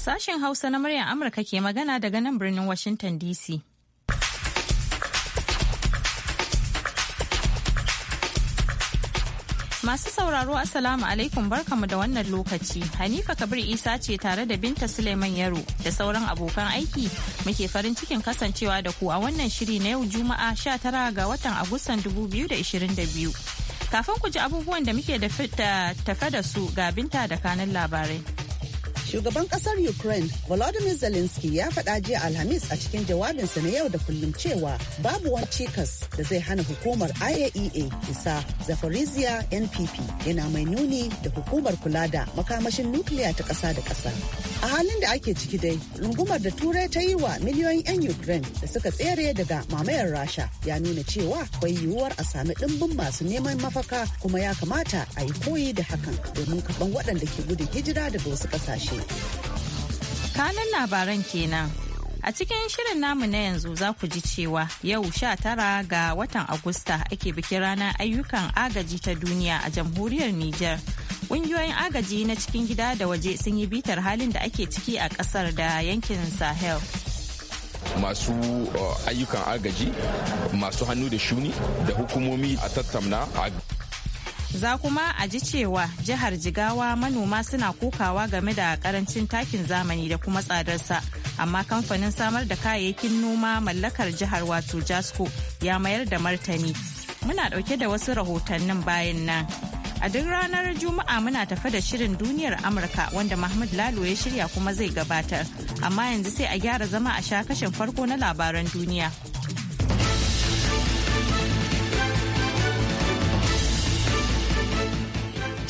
Sashen Hausa na muryar Amurka ke magana daga nan birnin Washington DC. Masu sauraro asalamu alaikum barkamu da wannan lokaci. Hanifa Kabir Isa ce tare da Binta Suleiman Yaro da sauran abokan aiki muke farin cikin kasancewa da ku a wannan shiri na yau Juma'a 19 ga watan Agustan 2022. Kafin ku ji abubuwan da muke tafe da su ga Binta da kanin labarai. Shugaban kasar Ukraine Volodymyr Zelensky ya faɗa jiya Alhamis a cikin jawabinsa na yau da kullum cewa babu wani cikas da zai hana hukumar IAEA e isa Zaporizhia NPP yana mai nuni da hukumar kula da makamashin nukiliya ta ƙasa da ƙasa. A halin da ake ciki dai, rungumar da Turai ta yi wa miliyoyin 'yan Ukraine da suka tsere daga mamayar Rasha ya nuna cewa akwai yiwuwar a sami ɗimbin masu neman mafaka kuma ya kamata a yi koyi da hakan domin kaɓan waɗanda ke gudun hijira daga wasu ƙasashe. Kanin labaran kenan. A cikin shirin namu na yanzu za ku ji cewa yau 19 ga watan Agusta ake bikin ranar ayyukan agaji ta duniya a jamhuriyar Nijar. Ƙungiyoyin agaji na cikin gida da waje sun yi bitar halin da ake ciki a ƙasar da yankin Sahel. masu uh, ayyukan agaji masu hannu da shuni da hukumomi a tattamna a Za kuma a ji cewa jihar Jigawa manoma suna kokawa game da karancin takin zamani da kuma tsadarsa. Amma kamfanin samar da kayayyakin noma mallakar jihar wato Jasco ya mayar da martani. Muna ɗauke da wasu rahotannin bayan nan. A duk ranar Juma'a muna tafe da shirin duniyar Amurka wanda Mahmud Lalo ya shirya kuma zai gabatar. Amma yanzu sai a gyara zama a sha kashin farko na labaran duniya.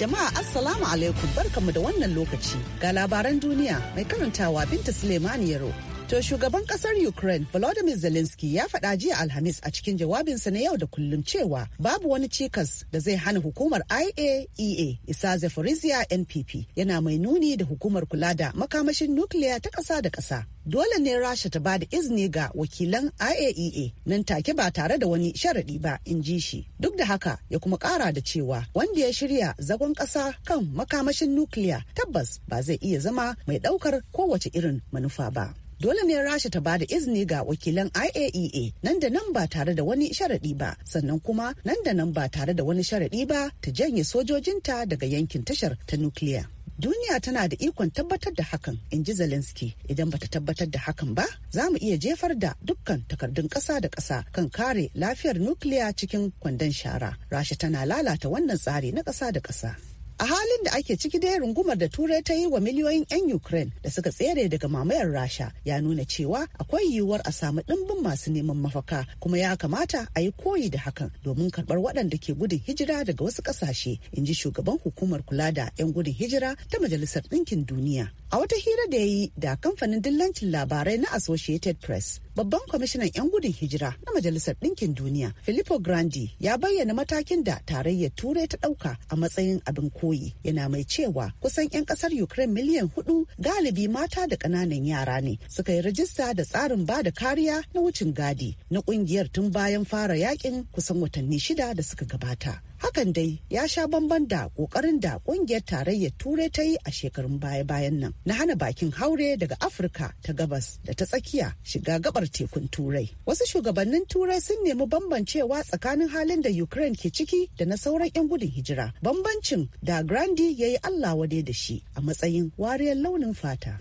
Jama'a Assalamu alaikum barkamu da wannan lokaci ga labaran duniya mai karantawa Binta Suleimani Yaro To shugaban kasar Ukraine Volodymyr Zelensky ya faɗa jiya Alhamis a cikin jawabinsa na yau da kullum cewa babu wani cikas da zai hana hukumar IAEA e isa Zaporizhia NPP yana mai nuni da hukumar kula da makamashin nukiliya ta ƙasa da ƙasa. Dole ne Rasha ta ba da izini ga wakilan IAEA e nan take ba tare da wani sharaɗi ba in ji shi. Duk da haka ya kuma ƙara da cewa wanda ya shirya zagon ƙasa kan makamashin nukiliya tabbas ba zai iya zama mai ɗaukar kowace irin manufa ba. dole ne rasha ta bada izini ga wakilan iaea e nan da nan ba tare da wani sharaɗi ba sannan kuma nan da nan ba tare da wani sharaɗi ba ta janye sojojinta daga yankin tashar ta nukiliya duniya tana da ikon tabbatar da hakan in ji zelensky idan bata tabbatar da hakan ba za mu iya jefar da dukkan takardun ƙasa da ƙasa kan kare lafiyar nukiliya cikin kwandon shara rasha tana lalata wannan tsari na ƙasa da ƙasa a halin da ake ciki da rungumar da turai ta yi wa miliyoyin 'yan ukraine da suka tsere daga mamayar rasha ya nuna cewa akwai yiwuwar a samu ɗimbin masu neman mafaka kuma ya kamata a yi koyi da hakan domin karɓar waɗanda ke gudun hijira daga wasu ƙasashe in ji shugaban hukumar kula da 'yan gudun hijira ta majalisar ɗinkin duniya a wata hira da ya yi da kamfanin dillancin labarai na associated press babban kwamishinan 'yan gudun hijira na majalisar ɗinkin duniya filippo grandi ya bayyana matakin da tarayyar turai ta ɗauka a matsayin abin koyi yana mai cewa kusan 'yan ƙasar ukraine miliyan hudu galibi mata da ƙananan yara ne suka yi rajista da tsarin ba da kariya na wucin gadi na ƙungiyar tun bayan fara yakin kusan watanni shida da suka gabata hakan dai ya sha bamban da kokarin da kungiyar tarayyar turai ta yi a shekarun baya-bayan nan na hana bakin haure daga afirka ta gabas da ta tsakiya shiga gabar tekun turai wasu shugabannin turai sun nemi bambancewa tsakanin halin da ukraine ke ciki da na sauran 'yan gudun hijira bambancin da grandi ya yi allah wade da shi a matsayin wariyar launin fata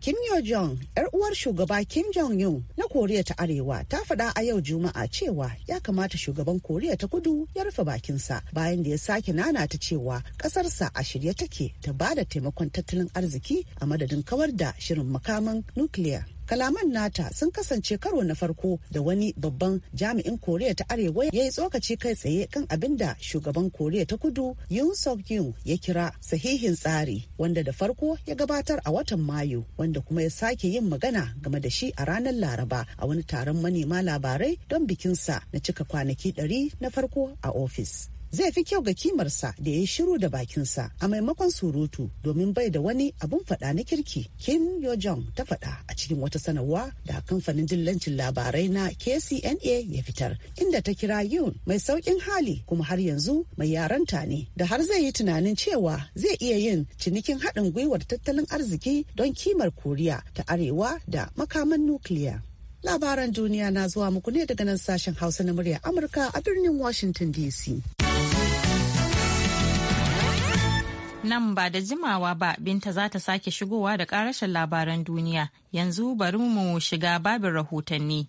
Kim Yo Jong, 'yar uwar shugaba Kim Jong Un na Koriya ta Arewa, ta faɗa a yau Juma'a cewa ya kamata shugaban Koriya ta Kudu ya rufe bakinsa bayan da ya sake nana ta cewa ƙasarsa a shirye take ta bada taimakon tattalin arziki a madadin kawar da shirin makaman nukiliya. kalaman nata sun kasance karo na farko da wani babban jami'in koriya ta arewa ya yi tsokaci kai tsaye kan abin da shugaban koriya ta kudu yun sok yun ya kira sahihin tsari wanda da farko ya gabatar a watan mayu wanda kuma ya sake yin magana game da shi a ranar laraba a wani taron manema labarai don bikinsa na cika kwanaki 100 na farko a ofis zai fi kyau ga kimarsa da ya yi shiru da bakinsa a maimakon surutu domin bai da wani abun faɗa na kirki kim yo jong ta faɗa a cikin wata sanarwa da kamfanin dillancin labarai na kcna ya fitar inda ta kira yun mai sauƙin hali kuma har yanzu mai yaranta ne da har zai yi tunanin cewa zai iya yin cinikin haɗin gwiwar tattalin arziki don kimar koriya ta arewa da makaman nukiliya labaran duniya na zuwa muku ne daga nan sashen hausa na murya amurka a birnin washington dc Nan ba da jimawa ba binta za ta sake shigowa da karashin labaran duniya yanzu bari mu shiga babin rahotanni.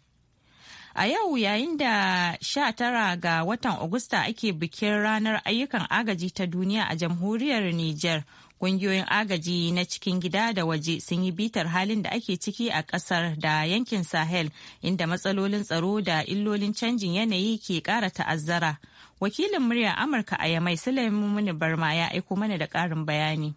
A yau yayin da 19 ga watan Agusta ake bikin ranar ayyukan agaji ta duniya a jamhuriyar Nijar. Kungiyoyin agaji na cikin gida da waje sun yi bitar halin da ake ciki a kasar da yankin Sahel inda matsalolin tsaro da illolin canjin yanayi ke kara ta'azzara. wakilin murya amurka a yamai sulaimu barma ya aiko mana da karin bayani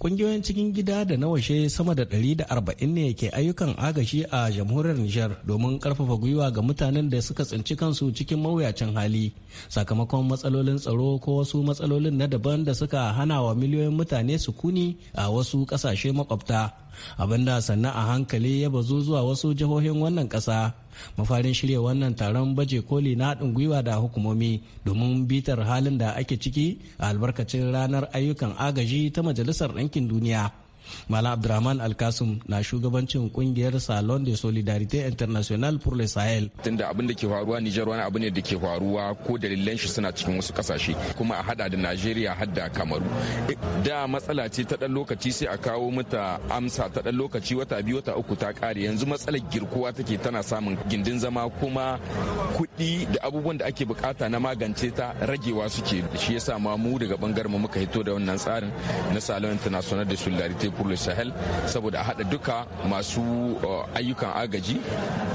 ƙungiyoyin cikin gida da na washe sama da 140 ne ke ayyukan agashi a jamhuriyar Nijar domin karfafa gwiwa ga mutanen da suka tsinci kansu cikin mawuyacin hali sakamakon matsalolin tsaro ko wasu matsalolin na daban da suka hana wa miliyoyin mutane su kuni a wasu kasashe makwabta abinda sannan a hankali ya bazu zuwa wasu jihohin wannan ƙasa. mafarin shirya wannan taron baje koli na haɗin gwiwa da hukumomi domin bitar halin da ake ciki a albarkacin ranar ayyukan agaji ta majalisar ɗinkin duniya Malam Abdurrahman Alkasum na shugabancin kungiyar Salon de Solidarite International pour le Sahel. Tunda abin da ke faruwa Nijar wani abu ne da ke faruwa ko dalilan shi suna cikin wasu kasashe kuma a hada da Najeriya da Kamaru. E, da matsala ce ta dan lokaci sai a kawo mata amsa ta dan lokaci wata biyu wata uku ta kare yanzu matsalar girkuwa take tana samun gindin zama kuma kuɗi da abubuwan da ake bukata na magance ta ragewa suke shi yasa ma mu daga bangaren mu muka hito da wannan tsarin na Salon International de Solidarité pour sahel saboda a haɗa duka masu uh, ayyukan agaji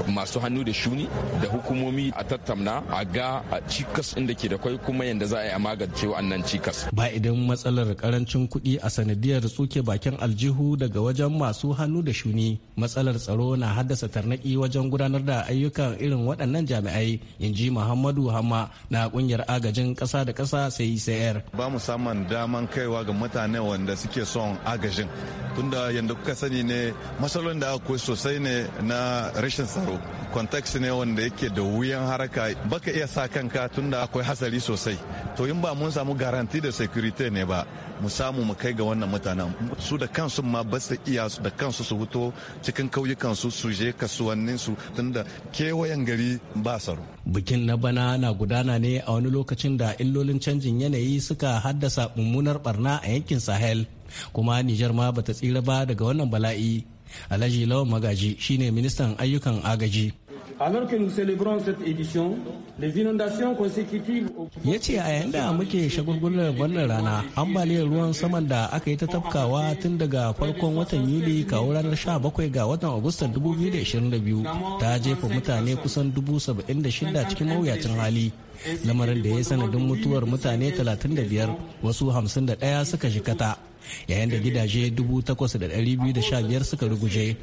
masu hannu da shuni da hukumomi a tattamna a ga cikas inda ke da kwai kuma yadda za a yi a magance wannan cikas ba idan matsalar karancin kuɗi a sanadiyar tsuke bakin aljihu daga wajen masu hannu da shuni matsalar tsaro na haddasa tarnaki wajen gudanar da ayyukan irin waɗannan jami'ai in ji muhammadu hamma na ƙungiyar agajin kasa da kasa sai er. ba mu saman daman kaiwa ga mutane wanda suke son agajin tunda yadda kuka sani ne matsalolin da akwai sosai ne na rashin tsaro context ne wanda yake da wuyan haraka baka iya sa kanka tunda akwai hasari sosai to in ba mun samu garanti da security ne ba mu samu mu kai ga wannan mutanen su da kansu ma ba su iya su da kansu su fito cikin kauyukansu su je kasuwannin su tunda kewayen gari ba tsaro bikin na bana na gudana ne a wani lokacin da illolin canjin yanayi suka haddasa mummunar barna a yankin sahel kuma Nijar ma bata tsira ba daga wannan bala'i. Alhaji Lawan Magaji shine ministan ayyukan agaji. Alors que nous célébrons cette édition, les inondations consécutives Ya ce a yayin da muke shagulgular wannan rana, ambaliyar ruwan saman da aka yi ta tafkawa tun daga farkon watan Yuli kawo ranar 17 ga watan Agustan 2022 ta jefa mutane kusan 76 cikin mawuyacin hali. Lamarin da ya sanadin mutuwar mutane 35 wasu 51 suka jikata. yayin da gidaje 8,215 suka ruguje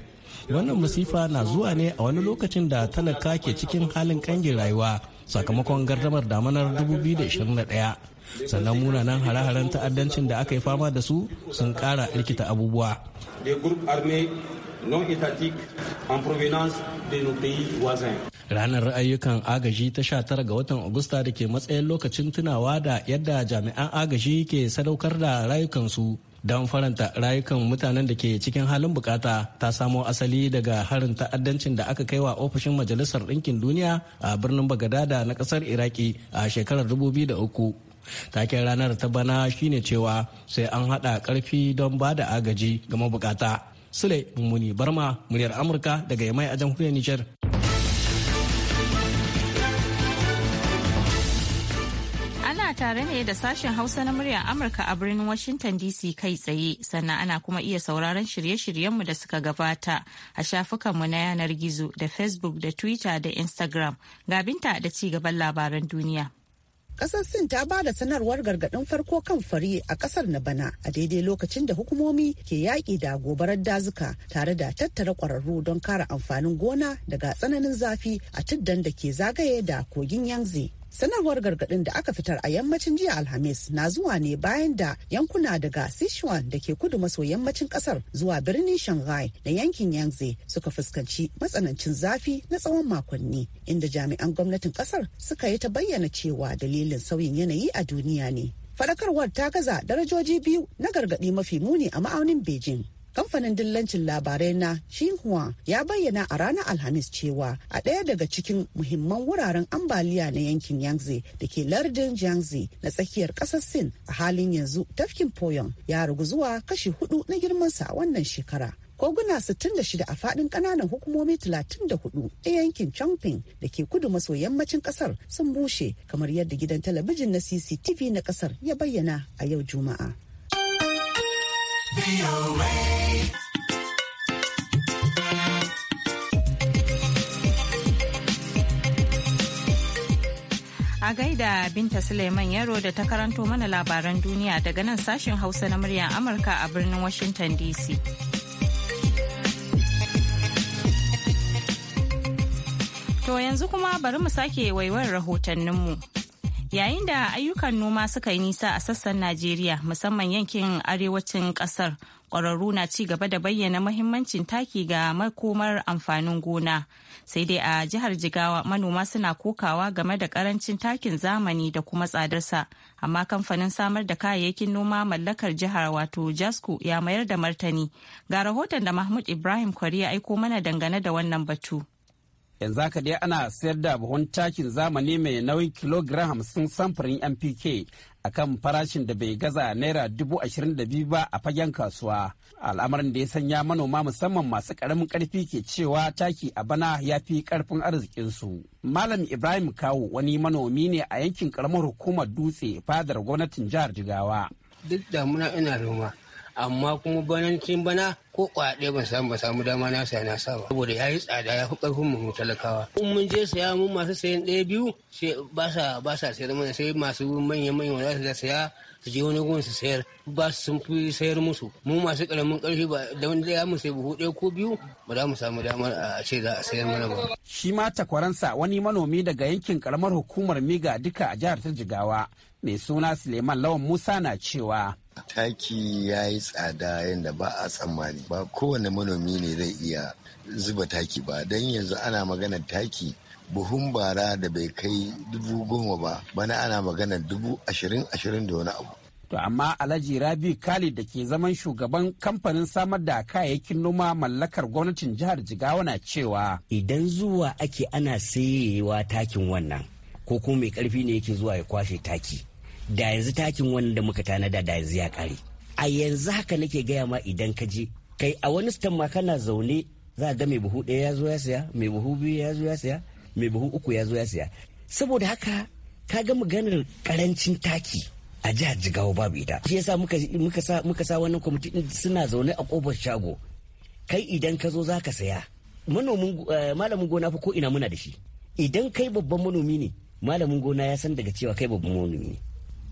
wannan masifa na zuwa ne a wani lokacin da talaka ke cikin halin kangin rayuwa sakamakon gardamar damanar 2021 sannan munanan hare-haren ta'addancin da aka yi fama da su sun kara rikita abubuwa Ranar ayyukan agaji ta 19 ga watan Agusta da ke matsayin lokacin tunawa da yadda jami'an agaji ke sadaukar da rayukansu don faranta rayukan mutanen da ke cikin halin bukata ta samo asali daga harin ta'addancin da aka kai wa ofishin majalisar ɗinkin duniya a birnin bagadada na ƙasar iraki a shekarar 2003 taken ranar ta bana shine cewa sai an hada karfi don ba da agaji ga mabukata sule mummuni barma muryar amurka daga yamai a jamhuriyar nijar tare ne da sashen Hausa na muryar Amurka a birnin Washington DC kai tsaye, sannan ana kuma iya sauraron shirye-shiryenmu da suka gabata a shafukanmu na yanar gizo da Facebook da Twitter da Instagram. ga Gabinta da ci gaban labaran duniya. kasar Sin ta ba da sanarwar gargaɗin farko kan fari a kasar na bana a daidai lokacin da hukumomi ke yaƙi da gobarar dazuka tare da tattara ƙwararru don kare amfanin gona daga tsananin zafi a tuddan da ke zagaye da kogin Yangtze. sanarwar gargadin da aka fitar a yammacin jiya alhamis na zuwa ne bayan da yankuna daga sichuan da ke kudu maso yammacin kasar zuwa birnin shanghai na yankin yangtze suka fuskanci matsanancin zafi na tsawon makonni inda jami'an gwamnatin kasar suka yi ta bayyana cewa dalilin sauyin yanayi a duniya ne fadakarwar ta gaza darajoji biyu na gargaɗi mafi muni a ma'aunin beijing kamfanin dillancin labarai na xinhua ya bayyana a ranar alhamis cewa a ɗaya daga cikin muhimman wuraren ambaliya na yankin yangtze da ke lardin jiangze na tsakiyar ƙasar sin a halin yanzu tafkin poyon ya rugu zuwa kashi hudu na girmansa a wannan shekara koguna 66 a fadin kananan hukumomi 34 a yankin changping da ke kudu maso yammacin kasar sun bushe kamar yadda gidan talabijin na cctv na kasar ya bayyana a yau juma'a A gaida Binta Suleiman Yaro da ta karanto mana labaran duniya daga nan sashen Hausa na muryar Amurka a birnin Washington DC. To yanzu kuma bari mu sake waiwar rahotanninmu. Yayin da ayyukan noma suka yi nisa a sassan Najeriya musamman yankin arewacin kasar kwararru na ci gaba da bayyana mahimmancin taki ga makomar amfanin gona. Sai dai a jihar Jigawa manoma suna kokawa game da karancin takin zamani da kuma tsadarsa. Amma kamfanin samar da kayayyakin noma mallakar jihar wato jasku ya mayar da martani. Ga rahoton da Mahmud Ibrahim Kwari ya aiko mana dangane da wannan batu. yanzu haka dai ana sayar da buhun takin zamani mai nauyin kilogiram hamsin samfurin mpk akan farashin da bai gaza naira dubu ashirin da biyu ba a fagen kasuwa al'amarin da ya sanya manoma musamman masu karamin karfi ke cewa taki a bana ya fi karfin arzikinsu malam ibrahim kawo wani manomi ne a yankin karamar hukumar dutse fadar gwamnatin jihar jigawa duk damuna ina noma amma kuma banancin bana ko kwaɗe ban samu ba samu dama na saya na sa ba saboda yayi tsada ya fi karfin mu talakawa in mun je saya mun masu sayan ɗaya biyu sai ba sa ba sa sayar mana sai masu manya manya wanda su saya su je wani gun su sayar ba su sun fi sayar musu mu masu karamin karfi ba da da ya mu sai buhu ɗaya ko biyu ba za mu samu damar a ce za a sayar mana ba shi ma takwaransa wani manomi daga yankin karamar hukumar miga duka a jihar ta jigawa mai suna suleiman lawan musa na cewa taki ya yi tsada yadda ba a tsammani ba kowane manomi ne zai iya zuba taki ba don yanzu ana magana taki buhun bara da bai kai dubu goma ba bana ana magana dubu ashirin ashirin da wani abu To amma Alhaji Rabi Khalid da ke zaman shugaban kamfanin samar da kayayyakin noma mallakar gwamnatin jihar Jigawa na cewa idan zuwa ake ana sayewa takin wannan ko kuma mai karfi ne yake zuwa ya kwashe taki da yanzu takin wannan da muka tanada da yanzu ya kare a yanzu haka nake gaya ma idan ka je kai a wani stan ma kana zaune za ga mai buhu ɗaya ya zo ya siya mai buhu biyu ya zo ya siya mai buhu uku ya zo ya siya saboda haka ka ga maganar karancin taki a jihar jigawa babu ita shi yasa muka muka sa muka sa wannan kwamiti suna zaune a kofar shago kai idan ka zo za ka saya manomin eh, malamin gona fa ko ina muna da shi idan kai babban manomi ne malamin gona ya san daga cewa kai babban manomi ne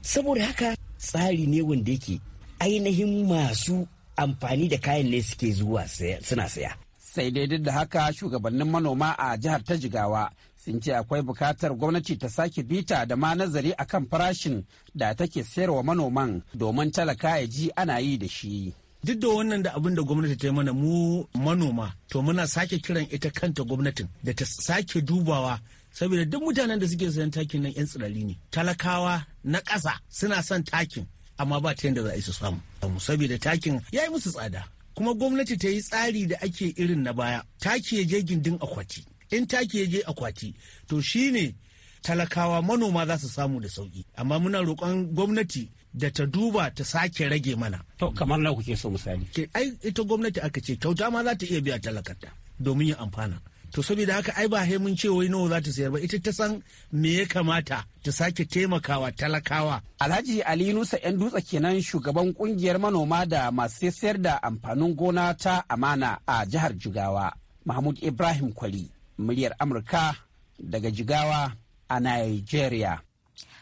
saboda haka tsari ne wanda yake ainihin masu amfani da kayan ne suke zuwa suna saya sai dai duk da haka shugabannin manoma a jihar ta jigawa sun ce akwai bukatar gwamnati ta sake bita da ma nazari akan farashin da take sayarwa manoman domin talaka ya ji ana yi da shi duk da wannan da abin da gwamnati ta yi mana mu manoma to muna sake kiran ita kanta gwamnatin da ta sake dubawa saboda duk mutanen da suke sayan takin nan 'yan tsirari ne talakawa na ƙasa suna son takin amma ba ta yadda za a yi su samu saboda takin ya yi musu tsada kuma gwamnati ta yi tsari da ake irin na baya taki ya je gindin akwati in taki ya je akwati to shine talakawa manoma za su samu da sauki amma muna roƙon gwamnati da ta duba ta sake rage mana. To kamar na kuke so misali. Ai ita gwamnati aka ce kyauta ma za ta iya biya talakata domin yin amfana. to saboda haka ai ba mun ce wai nawa za ta sayar ba ita ta san me ya kamata ta sake taimakawa talakawa alhaji ali nusa yan dutse kenan shugaban kungiyar manoma da masu sayar da amfanin gona ta amana a jihar jigawa mahmud ibrahim kwali muryar amurka daga jigawa a nigeria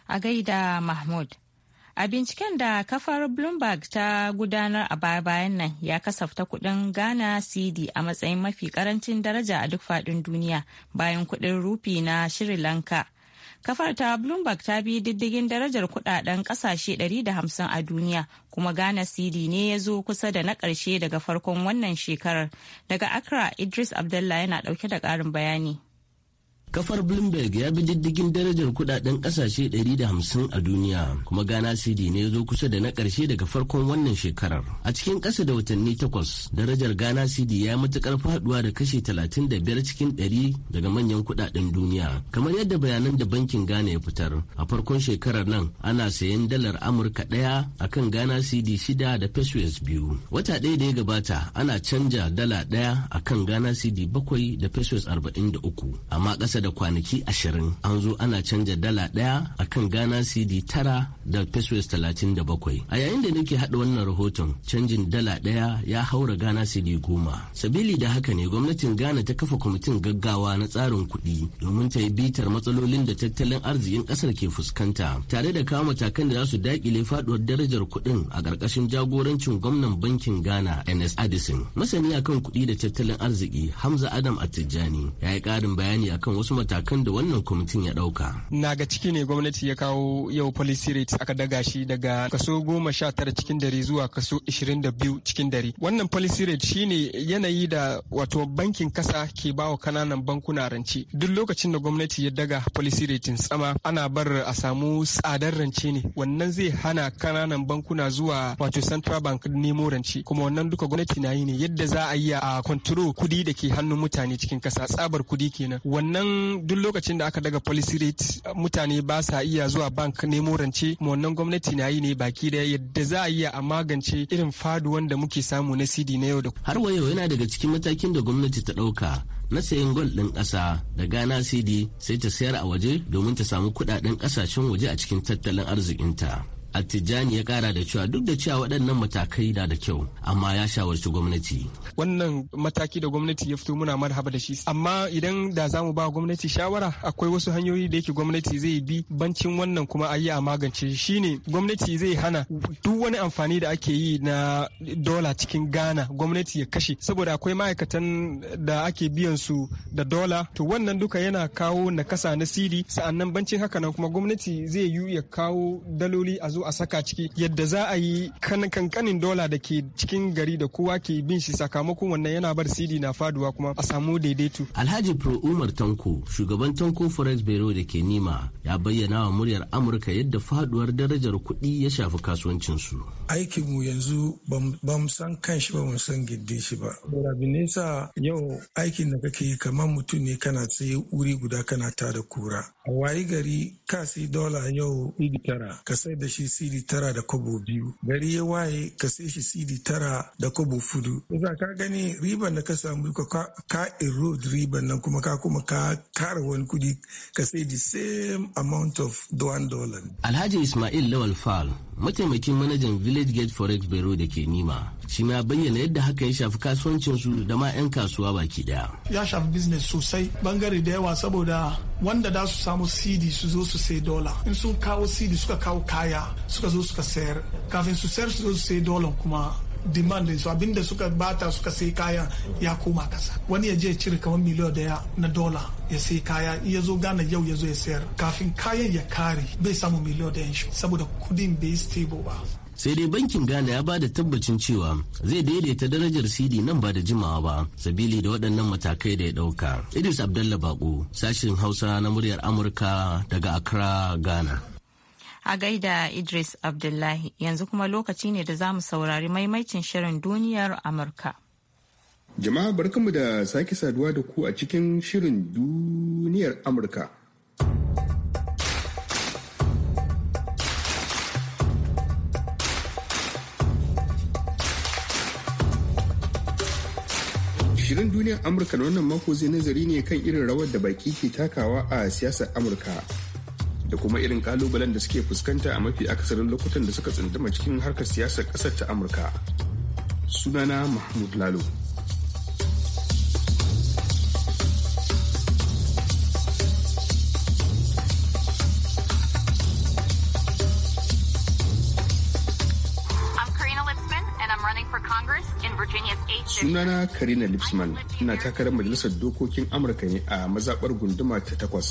a gaida mahmud A binciken da kafar Bloomberg ta gudanar a baya-bayan nan ya kasafta kuɗin Ghana CD a matsayin mafi karancin daraja a duk faɗin duniya bayan kuɗin rufi na Sri Lanka. Kafar ta Bloomberg ta bi diddigin darajar kudaden kasashe 150 a duniya kuma Ghana CD ne ya zo kusa da na ƙarshe daga farkon wannan shekarar. Daga Accra, Idris Abdullah yana ɗauke da ƙarin bayani. Kafar Bloomberg ya bi diddigin darajar kudaden kasashe 150 a duniya kuma Ghana CD ne ya zo kusa da na karshe daga farkon wannan shekarar. A cikin kasa da watanni takwas, darajar Ghana CD ya matukar faduwa da kashi 35 cikin 100 daga manyan kudaden duniya. Kamar yadda bayanan da bankin Ghana ya fitar, a farkon shekarar nan ana sayan dalar Amurka ɗaya akan Ghana CD shida da pesos biyu. Wata ɗaya da ya gabata ana canja dala ɗaya akan Ghana CD bakwai da pesos uku Amma kasa. da da kwanaki ashirin an zo ana canja dala ɗaya a kan ghana cd tara da pesos talatin da bakwai a yayin da nake haɗa wannan rahoton canjin dala ɗaya ya haura ghana cd goma sabili da haka ne gwamnatin ghana ta kafa kwamitin gaggawa na tsarin kuɗi domin ta yi bitar matsalolin da tattalin arzikin ƙasar ke fuskanta tare da kama matakan da za su daƙile faɗuwar darajar kuɗin a ƙarƙashin jagorancin gwamnan bankin ghana ns addison masani akan kuɗi da tattalin arziki hamza adam attijani ya yi ƙarin bayani akan wasu wasu matakan da wannan kwamitin ya ɗauka. Na ga ciki ne gwamnati ya kawo yau policy rate aka daga shi daga kaso goma sha tara cikin dare zuwa kaso ishirin da biyu cikin dare. Wannan policy rate shine yanayi da wato bankin kasa ke bawa kananan bankuna rance. Duk lokacin da gwamnati ya daga policy rate sama ana bar a samu tsadar rance ne. Wannan zai hana kananan bankuna zuwa wato central bank nemo rance kuma wannan duka gwamnati na yi ne yadda za a yi a control kudi da ke hannun mutane cikin kasa tsabar kudi kenan. Wannan duk lokacin da aka daga policy rate mutane ba sa iya zuwa bank nemo rance mu wannan gwamnati na yi ne baki da yadda za a iya a magance irin faduwan da muke samu na cd na yau da har wayo yana daga cikin matakin da gwamnati ta ɗauka na sayan gwal ɗin ƙasa da gana cd sai ta sayar a waje domin ta samu kuɗaɗen ƙasashen waje a cikin tattalin arzikinta. Attijani ya kara da cewa duk da cewa waɗannan matakai na da kyau amma ya shawarci gwamnati. Wannan mataki da gwamnati ya fito muna marhaba da shi amma idan da zamu ba gwamnati shawara akwai wasu hanyoyi da yake gwamnati zai bi bancin wannan kuma ayi a magance shine gwamnati zai hana duk wani amfani da ake yi na dola cikin Ghana gwamnati ya kashe saboda akwai ma'aikatan da ake biyan su da dola to wannan duka yana kawo nakasa na sidi sa'annan bancin haka nan kuma gwamnati zai yi ya kawo daloli a zo a saka ciki yadda za a yi kankanin dola da ke cikin gari da kowa ke bin shi sakamakon wannan yana bar cd na faduwa kuma a samu daidaito alhaji pro umar tanko shugaban tanko forex bureau da ke nima ya bayyana wa muryar amurka yadda faduwar darajar kuɗi ya shafi kasuwancin kasuwancinsu aikinmu yanzu ba mu san kan shi ba mu san gindin shi ba nesa yau aikin da kake kamar mutum ne kana tsaye wuri guda kana tada kura a wayi gari ka sai dola yau tara ka sai da shi cd tara da kobo biyu gari ya waye ka sai shi sidi tara da kobo fudu yasa ka gani riban da ka samu ka ka erode riban nan kuma ka kuma ka kara wani kudi ka sai the same amount of one dollar alhaji ismail lawal fal mataimakin manajan village gate forex bureau da ke nima shi ma bayyana yadda haka ya shafi kasuwancinsu da ma 'yan kasuwa baki daya ya shafi business sosai bangare da yawa saboda wanda da su samu cd su zo su sai dola in sun kawo cd suka kawo kaya suka zo suka sayar kafin su sayar su zo su sai dola kuma demand su abinda suka bata suka sai kaya ya koma kasa wani ya je cire kamar miliyan daya na dola ya sai kaya in ya zo gana yau ya zo ya sayar kafin kayan ya kare bai samu miliyan daya saboda kudin bai stable ba sai dai bankin ghana ya ba da tabbacin cewa zai daidaita darajar cd nan ba da jimawa ba sabili da waɗannan matakai da ya ɗauka idris abdallah baƙo sashin hausa na muryar amurka daga accra ghana a gaida idris abdullahi yanzu kuma lokaci ne da za mu saurari maimaicin shirin duniyar amurka jama'a barkanmu da sake saduwa da ku a cikin shirin duniyar amurka Shirin duniyar Amurka na wannan mako zai nazari ne kan irin rawar da baki ke takawa a siyasar Amurka da kuma irin kalubalen da suke fuskanta a mafi akasarin lokutan da suka tsunduma cikin harkar siyasar ƙasar ta Amurka. Sunana Mahmud Lalo. sunana karina lipsman ina takarar majalisar dokokin amurka ne a mazaɓar gunduma ta takwas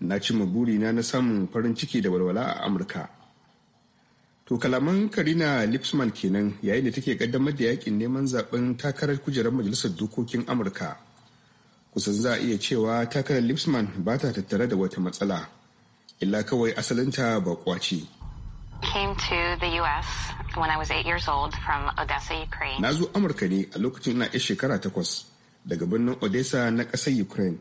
na cimma burina na samun farin ciki da walwala a amurka to kalaman karina lipsman kenan yayin da take kaddamar da yakin neman zaben takarar kujerar majalisar dokokin amurka kusan za a iya cewa takarar lipsman ba ta tattare da wata matsala illa kawai asalinta ba ce came to the US when I was eight years old from Odessa, Ukraine. Na zo Amurka ne a lokacin na shekara takwas daga birnin Odessa na ƙasar Ukraine.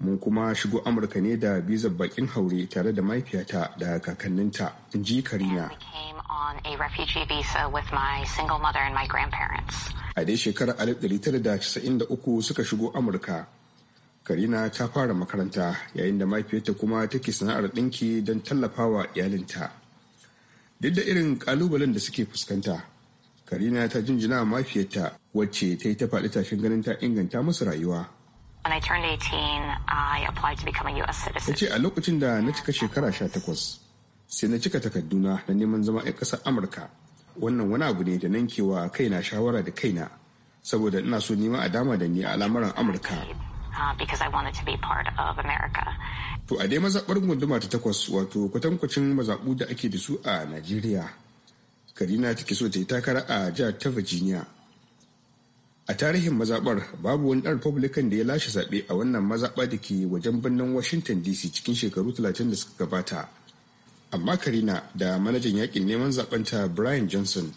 Mun kuma shigo Amurka ne da viza bakin haure tare da mahaifiyata da kakanninta, in ji Karina. on a with A dai shekarar 1993 suka shigo Amurka. Karina ta fara makaranta yayin da mahaifiyarta kuma take sana'ar ɗinki don tallafawa iyalinta. duk da irin kalubalen da suke fuskanta karina ta jinjina mafiyarta wacce ta yi ta faɗi tashin ganin ta inganta musu rayuwa Ta ce a lokacin da na cika shekara sha 18, sai na cika takarduna na neman zama 'yan ƙasar Amurka. Wannan wani abu ne da nankewa kewa kaina shawara da kaina, saboda ina so nema a dama da ni a al'amuran Amurka. Uh, because I wanted to be part of America. To a dai mazaɓar gunduma ta takwas wato kwatankwacin mazaɓu da ake da su a Najeriya. Karina take so ta yi takara a jihar ta Virginia. A tarihin mazaɓar babu wani ɗan Republican da ya lashe zaɓe a wannan mazaɓa da ke wajen birnin Washington DC cikin shekaru talatin da suka gabata. Amma Karina da manajan yakin neman zaɓen ta Brian Johnson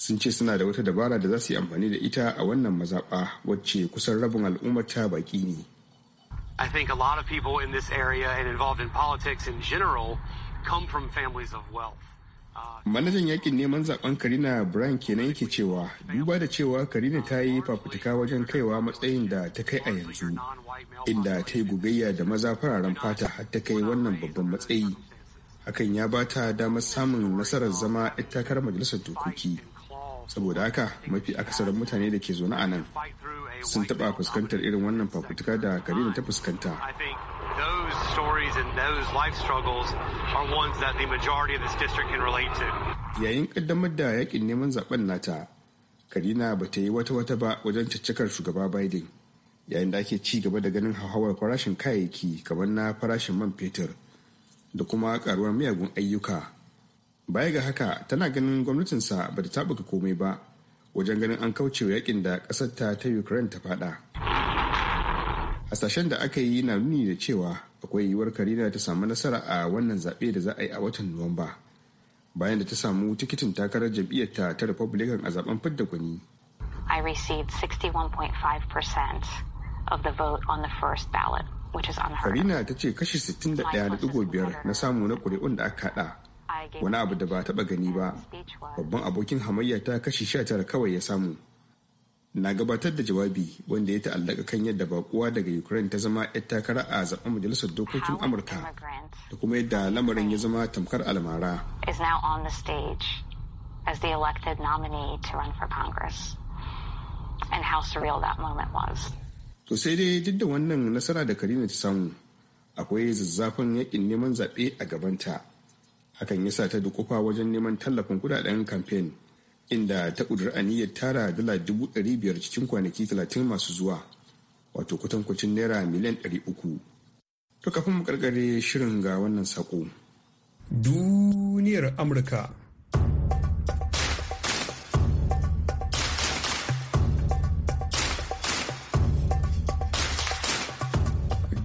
sun ce suna da wata dabara da za su yi amfani da ita a wannan mazaɓa wacce kusan rabin al'ummar ta baki ne. I think a lot of people in this area and involved in politics in general come from families of wealth. Uh, manajan yakin neman zaben karina brian kenan yake cewa duba da cewa karina ta yi fafutuka wajen kaiwa matsayin da ta kai a yanzu inda ta yi gugayya da maza fararen fata har ta kai wannan babban matsayi hakan ya ba ta damar samun nasarar zama 'yar takarar majalisar dokoki saboda haka mafi akasarin mutane da ke zaune a nan sun taɓa fuskantar irin wannan fafutuka da karina ta fuskanta yayin kaddamar da yakin neman zaben nata karina ba ta yi wata wata ba wajen caccakar shugaba biden yayin da ake ci gaba da ganin hauhawar farashin kayayyaki kamar na farashin man fetur da kuma karuwar miyagun ayyuka baya ga haka tana ganin gwamnatinsa ba ta taɓuka komai ba wajen ganin an kaucewa yakin da ƙasar ta ta ukraine ta fada hasashen da aka yi na nuni da cewa akwai yiwuwar karina ta samu nasara a wannan zaɓe da za a yi a watan nuwamba bayan da ta samu tikitin takarar jam'iyyarta ta republican a zaben fidda gwani i received 61.5% of the vote on the first ballot Karina ta ce kashi 61.5 na samu na ƙuri'un da aka haɗa wani abu da ba taba gani ba babban abokin hamayya ta kashi sha tara kawai ya samu na gabatar da jawabi wanda ya ta'allaka kan yadda bakuwa daga ukraine ta zama 'yar takara a zaben majalisar dokokin amurka da kuma yadda lamarin ya zama tamkar almara to To sai dai duk da wannan nasara da Karina ta samu, akwai zazzafan yakin neman zaɓe a gabanta. hakan yasa ta dukufa wajen neman tallafin kudaden kamfen inda ta kudur niyyar tara dala dubu ɗari biyar cikin kwanaki talatin masu zuwa wato kwatankwacin naira miliyan ɗari uku to kafin mu karkare shirin ga wannan sako duniyar amurka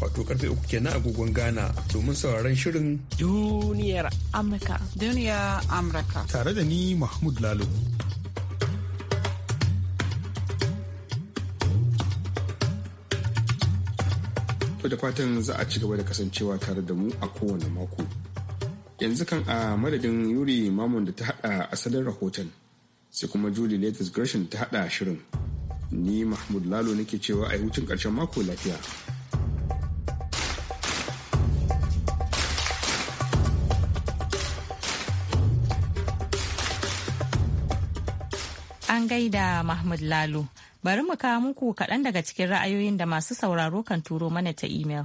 wato karfe uku kenan agogon Ghana domin sauraron shirin duniyar Amurka. duniya Amurka. Tare da ni Mahmud Lalo. To da fatan za a ci gaba da kasancewa tare da mu a kowane mako. Yanzu kan a madadin Yuri Mamun da ta haɗa asalin rahoton, sai kuma Julie Latest gershon ta haɗa shirin. Ni Mahmud Lalo nake cewa a yi hutun ƙarshen mako lafiya. an gaida Mahmud Lalu. Bari mu kawo muku kaɗan daga cikin ra'ayoyin da masu sauraro kan turo mana ta imel.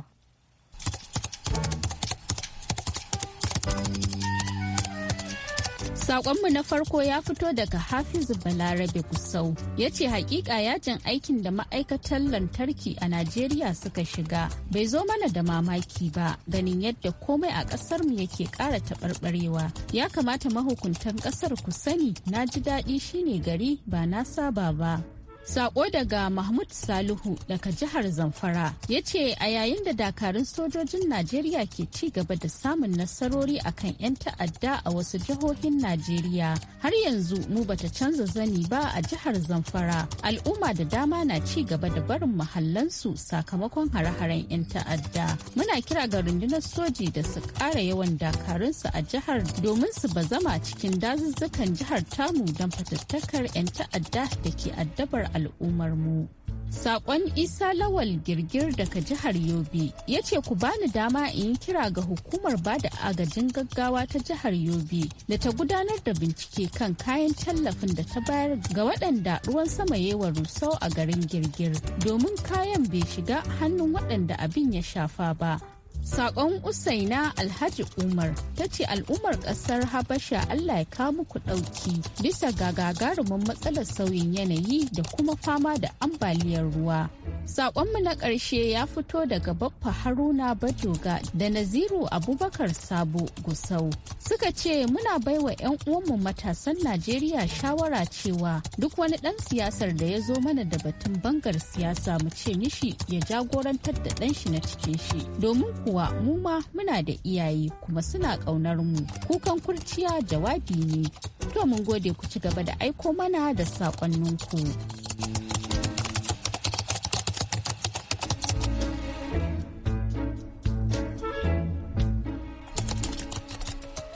Sakonmu na farko ya fito daga Hafizu Balarabe kusau ya ce hakika yajin aikin da ma'aikatan lantarki a Najeriya suka shiga bai zo mana da mamaki ba ganin yadda komai a ƙasar yake ƙara taɓarɓarewa. Ya kamata mahukuntan ƙasar ku sani na ji daɗi shine gari ba na saba ba. Sako daga Mahmud Salihu daga jihar Zamfara ya ce a yayin da dakarun sojojin Najeriya ke ci gaba da samun nasarori a kan 'yan ta'adda a wasu jihohin Najeriya har yanzu mu bata canza zani ba a jihar Zamfara al'umma da dama na ci gaba da barin mahallansu sakamakon hare-haren 'yan ta'adda. Muna kira ga rundunar soji da su ƙara yawan dakarunsu a jihar domin su ba zama cikin dazuzzukan jihar tamu don fatattakar 'yan ta'adda da ke addabar al'ummar mu. Sakon Isa Lawal Girgir daga jihar Yobe ya ce ku bani dama in yi kira ga hukumar bada agajin gaggawa ta jihar Yobe da ta gudanar da bincike kan kayan tallafin da ta bayar ga waɗanda ruwan sama wa rusau a garin Girgir domin kayan bai shiga hannun waɗanda abin ya shafa ba Sakon Usaina Alhaji Umar ta ce al'ummar ƙasar Habasha Allah ya kawo muku ɗauki bisa ga gagarumin matsalar sauyin yanayi da kuma fama da ambaliyar ruwa Sakonmu na ƙarshe ya fito daga Baffa Haruna Badoga da Naziru Abubakar Sabo Gusau. Suka ce muna baiwa 'yan uwanmu matasan Najeriya shawara cewa duk wani ɗan siyasar da ya zo mana da batun bangar siyasa mu ce mishi ya jagorantar da ɗan shi na cikin shi. Domin kuwa mu ma muna da iyaye kuma suna ƙaunar mu. Kukan kurciya jawabi ne. To mun gode ku ci gaba da aiko mana da saƙonninku.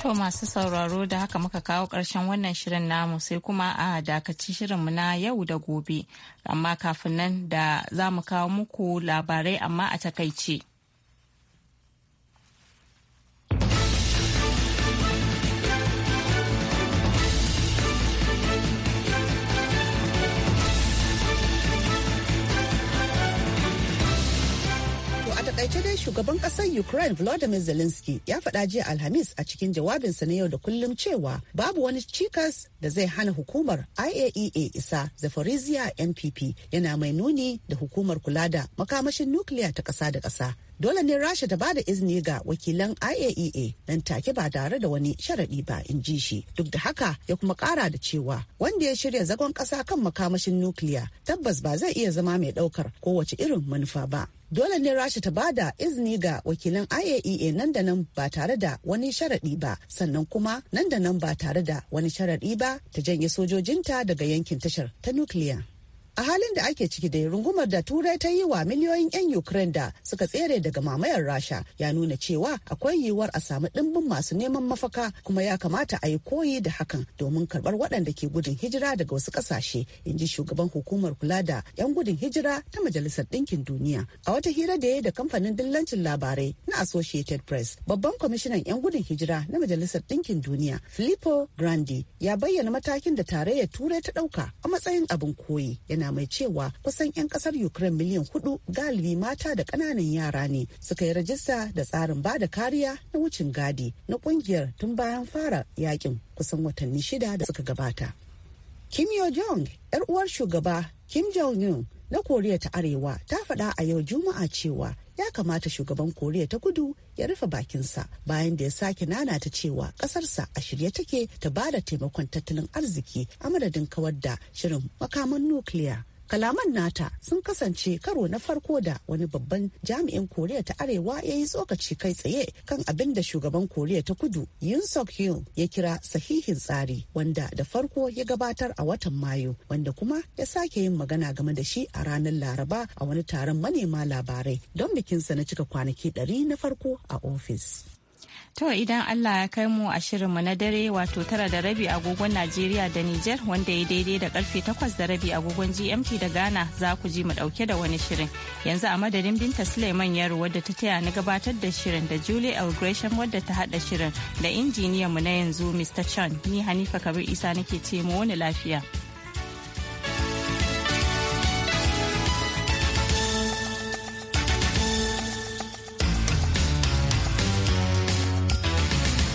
To masu sauraro da haka muka kawo ƙarshen wannan shirin namu sai kuma a dakaci shirinmu na yau da gobe. Amma kafin nan da za mu kawo muku labarai amma a takaice. takaice dai shugaban kasar Ukraine Volodymyr Zelensky ya faɗa jiya Alhamis a cikin jawabinsa na yau da kullum cewa babu wani cikas da zai hana hukumar IAEA e isa Zaporizhia NPP yana mai nuni da hukumar kula da makamashin nukiliya ta ƙasa da ƙasa. Dole ne Rasha ta bada izini ga wakilan IAEA e nan take ba tare da wani sharaɗi ba in ji shi. Duk da haka ya kuma ƙara da cewa wanda ya shirya zagon ƙasa kan makamashin nukiliya tabbas ba zai iya zama mai ɗaukar kowace irin manufa ba. dole ne rasha ta bada izini ga wakilan iaea e nan da nan ba tare da wani sharaɗi ba sannan kuma nan da nan ba tare da wani sharaɗi ba ta janye sojojinta daga yankin tashar ta nukiliya a halin da ake ciki da rungumar da turai ta yi wa miliyoyin 'yan ukraine da suka tsere daga mamayar rasha ya nuna cewa akwai yiwuwar a samu ɗimbin masu neman mafaka kuma ya kamata a yi koyi da hakan domin karɓar waɗanda ke gudun hijira daga wasu ƙasashe in ji shugaban hukumar kula da 'yan gudun hijira ta majalisar ɗinkin duniya a wata hira da ya da kamfanin dillancin labarai na associated press babban kwamishinan 'yan gudun hijira na majalisar ɗinkin duniya filippo grandi ya bayyana matakin da tarayyar turai ta ɗauka a matsayin abin koyi yana na mai cewa kusan 'yan kasar ukraine miliyan hudu galibi mata da ƙananan yara ne suka yi rajista da tsarin ba da kariya na wucin gadi na kungiyar tun bayan fara yakin kusan watanni shida da suka gabata kim yo jong 'yar uwar shugaba kim jong un na koriya ta arewa ta faɗa a yau juma'a cewa ya kamata shugaban koriya ta kudu ya rufe bakinsa bayan da ya sake nana ta cewa ƙasarsa a shirye take ta bada taimakon tattalin arziki a madadin kawar da shirin makaman nukiliya kalaman nata sun kasance karo na farko da wani babban jami'in koriya ta arewa ya yi tsokaci kai tsaye kan abin da shugaban koriya ta kudu yun sok yun ya kira sahihin tsari wanda da farko ya gabatar a watan mayu wanda kuma ya sake yin magana game da shi a ranar laraba a wani taron manema labarai don bikinsa na cika kwanaki 100 na farko a ofis. To idan Allah ya kai mu a shirinmu na dare wato tara da rabi agogon Najeriya da Nijar wanda ya daidai da karfe takwas da rabi agogon GMT da Ghana za ku ji mu dauke da wani shirin. Yanzu a madadin Binta Suleiman Yaro wadda ta taya ni gabatar da shirin da Julie L. wadda ta hada shirin da injiniyan mu na yanzu Mr. Chan ni Hanifa Kabir Isa nake ce mu wani lafiya.